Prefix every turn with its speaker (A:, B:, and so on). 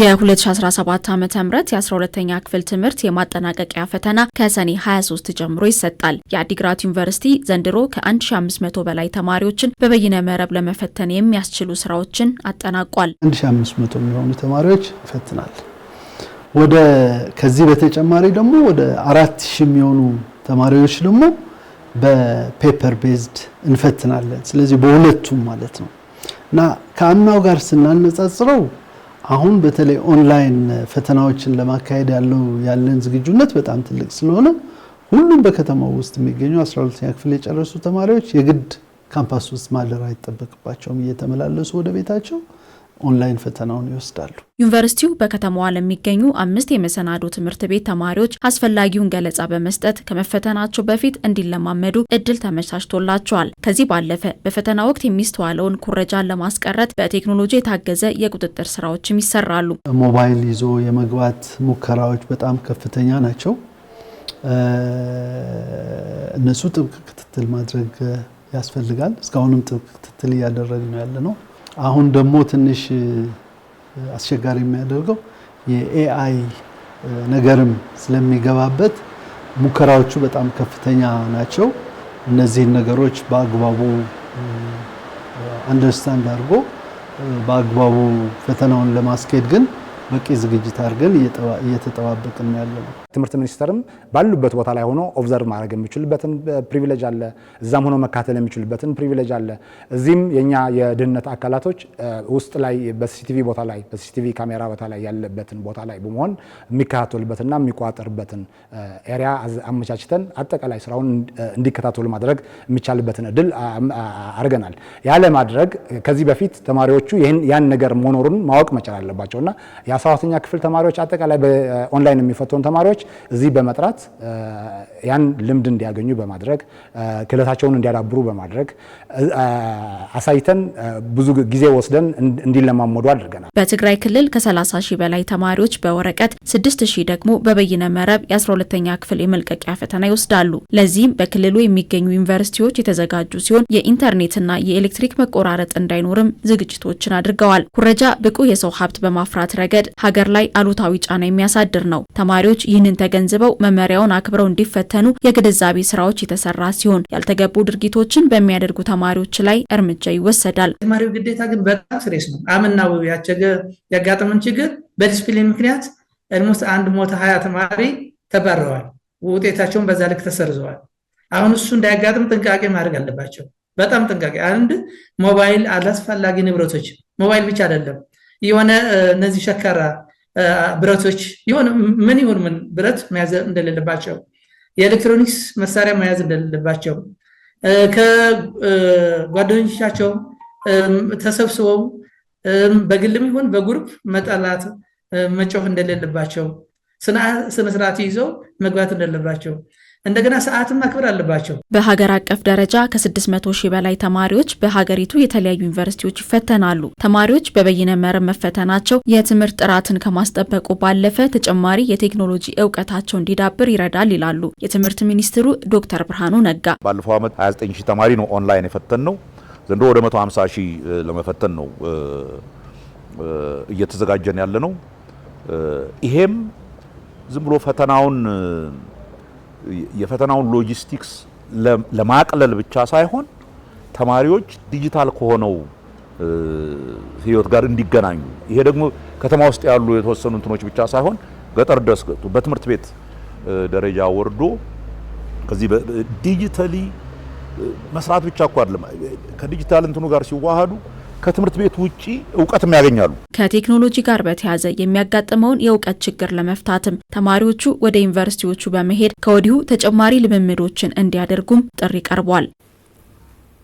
A: የ2017 ዓ ም የ12ተኛ ክፍል ትምህርት የማጠናቀቂያ ፈተና ከሰኔ 23 ጀምሮ ይሰጣል። የአዲግራት ዩኒቨርሲቲ ዘንድሮ ከ1500 በላይ ተማሪዎችን በበይነ መረብ ለመፈተን የሚያስችሉ ስራዎችን አጠናቋል።
B: 1500 የሚሆኑ ተማሪዎች ይፈትናል። ወደ ከዚህ በተጨማሪ ደግሞ ወደ 4000 የሚሆኑ ተማሪዎች ደግሞ በፔፐር ቤዝድ እንፈትናለን። ስለዚህ በሁለቱም ማለት ነው እና ከአምናው ጋር ስናነጻጽረው አሁን በተለይ ኦንላይን ፈተናዎችን ለማካሄድ ያለው ያለን ዝግጁነት በጣም ትልቅ ስለሆነ ሁሉም በከተማው ውስጥ የሚገኙ 12ኛ ክፍል የጨረሱ ተማሪዎች የግድ ካምፓስ ውስጥ ማደር አይጠበቅባቸውም። እየተመላለሱ ወደ ቤታቸው ኦንላይን ፈተናውን ይወስዳሉ።
A: ዩኒቨርሲቲው በከተማዋ ለሚገኙ አምስት የመሰናዶ ትምህርት ቤት ተማሪዎች አስፈላጊውን ገለጻ በመስጠት ከመፈተናቸው በፊት እንዲለማመዱ እድል ተመቻችቶላቸዋል። ከዚህ ባለፈ በፈተና ወቅት የሚስተዋለውን ኩረጃን ለማስቀረት በቴክኖሎጂ የታገዘ የቁጥጥር ስራዎችም ይሰራሉ።
B: ሞባይል ይዞ የመግባት ሙከራዎች በጣም ከፍተኛ ናቸው። እነሱ ጥብቅ ክትትል ማድረግ ያስፈልጋል። እስካሁንም ጥብቅ ክትትል እያደረግ ነው ያለ ነው። አሁን ደግሞ ትንሽ አስቸጋሪ የሚያደርገው የኤአይ ነገርም ስለሚገባበት ሙከራዎቹ በጣም ከፍተኛ ናቸው። እነዚህን ነገሮች በአግባቡ አንደርስታንድ አድርጎ በአግባቡ ፈተናውን ለማስኬድ ግን በቂ ዝግጅት አድርገን እየተጠባበቅን ያለ ነው።
C: ትምህርት ሚኒስቴርም ባሉበት ቦታ ላይ ሆኖ ኦብዘርቭ ማድረግ የሚችልበትን ፕሪቪሌጅ አለ፣ እዛም ሆኖ መካተል የሚችልበትን ፕሪቪሌጅ አለ። እዚህም የኛ የደህንነት አካላቶች ውስጥ ላይ በሲሲቲቪ ቦታ ላይ በሲሲቲቪ ካሜራ ቦታ ላይ ያለበትን ቦታ ላይ በመሆን የሚከታተሉበትና የሚቋጠርበትን ኤሪያ አመቻችተን አጠቃላይ ስራውን እንዲከታተሉ ማድረግ የሚቻልበትን እድል አድርገናል። ያለ ማድረግ ከዚህ በፊት ተማሪዎቹ ያን ነገር መኖሩን ማወቅ መቻል አለባቸውና የ12ኛ ክፍል ተማሪዎች አጠቃላይ በኦንላይን የሚፈተኑ ተማሪዎች እዚህ በመጥራት ያን ልምድ እንዲያገኙ በማድረግ ክህለታቸውን እንዲያዳብሩ በማድረግ አሳይተን ብዙ ጊዜ ወስደን እንዲለማመዱ አድርገናል።
A: በትግራይ ክልል ከ30 ሺህ በላይ ተማሪዎች በወረቀት 6 ሺህ ደግሞ በበይነ መረብ የ12ተኛ ክፍል የመልቀቂያ ፈተና ይወስዳሉ። ለዚህም በክልሉ የሚገኙ ዩኒቨርሲቲዎች የተዘጋጁ ሲሆን የኢንተርኔትና የኤሌክትሪክ መቆራረጥ እንዳይኖርም ዝግጅቶችን አድርገዋል። ኩረጃ ብቁ የሰው ሀብት በማፍራት ረገድ ሀገር ላይ አሉታዊ ጫና የሚያሳድር ነው። ተማሪዎች ይህንን ተገንዝበው መመሪያውን አክብረው እንዲፈተኑ የግንዛቤ ስራዎች የተሰራ ሲሆን ያልተገቡ ድርጊቶችን በሚያደርጉ ተማሪዎች ላይ እርምጃ ይወሰዳል።
D: ተማሪው ግዴታ ግን በጣም ስሬስ ነው። አምና ያቸገ ያጋጠመን ችግር በዲስፕሊን ምክንያት ኦልሞስት አንድ ሞተ ሀያ ተማሪ ተባረዋል። ውጤታቸውን በዛ ልክ ተሰርዘዋል። አሁን እሱ እንዳያጋጥም ጥንቃቄ ማድረግ አለባቸው። በጣም ጥንቃቄ። አንድ ሞባይል አላስፈላጊ ንብረቶች ሞባይል ብቻ አይደለም የሆነ እነዚህ ሸካራ ብረቶች የሆነ ምን ይሁን ምን ብረት መያዝ እንደሌለባቸው የኤሌክትሮኒክስ መሳሪያ መያዝ እንደሌለባቸው ከጓደኞቻቸው ተሰብስበው በግልም ይሁን በጉርብ መጠላት መጮህ እንደሌለባቸው ስነስርዓት ይዘው መግባት እንደሌለባቸው እንደገና ሰዓትም ማክበር አለባቸው።
A: በሀገር አቀፍ ደረጃ ከ600 ሺህ በላይ ተማሪዎች በሀገሪቱ የተለያዩ ዩኒቨርሲቲዎች ይፈተናሉ። ተማሪዎች በበይነ መረብ መፈተናቸው የትምህርት ጥራትን ከማስጠበቁ ባለፈ ተጨማሪ የቴክኖሎጂ እውቀታቸው እንዲዳብር ይረዳል ይላሉ የትምህርት ሚኒስትሩ ዶክተር ብርሃኑ ነጋ።
E: ባለፈው ዓመት 29 ሺህ ተማሪ ነው ኦንላይን የፈተን ነው። ዘንድሮ ወደ 150 ሺህ ለመፈተን ነው እየተዘጋጀን ያለ ነው። ይሄም ዝም ብሎ ፈተናውን የፈተናውን ሎጂስቲክስ ለማቅለል ብቻ ሳይሆን ተማሪዎች ዲጂታል ከሆነው ህይወት ጋር እንዲገናኙ ይሄ ደግሞ ከተማ ውስጥ ያሉ የተወሰኑ እንትኖች ብቻ ሳይሆን ገጠር ድረስ ገጡ በትምህርት ቤት ደረጃ ወርዶ ከዚህ ዲጂታሊ መስራት ብቻ እኮ አይደለም ከዲጂታል እንትኑ ጋር ሲዋሃዱ ከትምህርት ቤት ውጪ እውቀትም ያገኛሉ።
A: ከቴክኖሎጂ ጋር በተያያዘ የሚያጋጥመውን የእውቀት ችግር ለመፍታትም ተማሪዎቹ ወደ ዩኒቨርሲቲዎቹ በመሄድ ከወዲሁ ተጨማሪ ልምምዶችን እንዲያደርጉም ጥሪ ቀርቧል።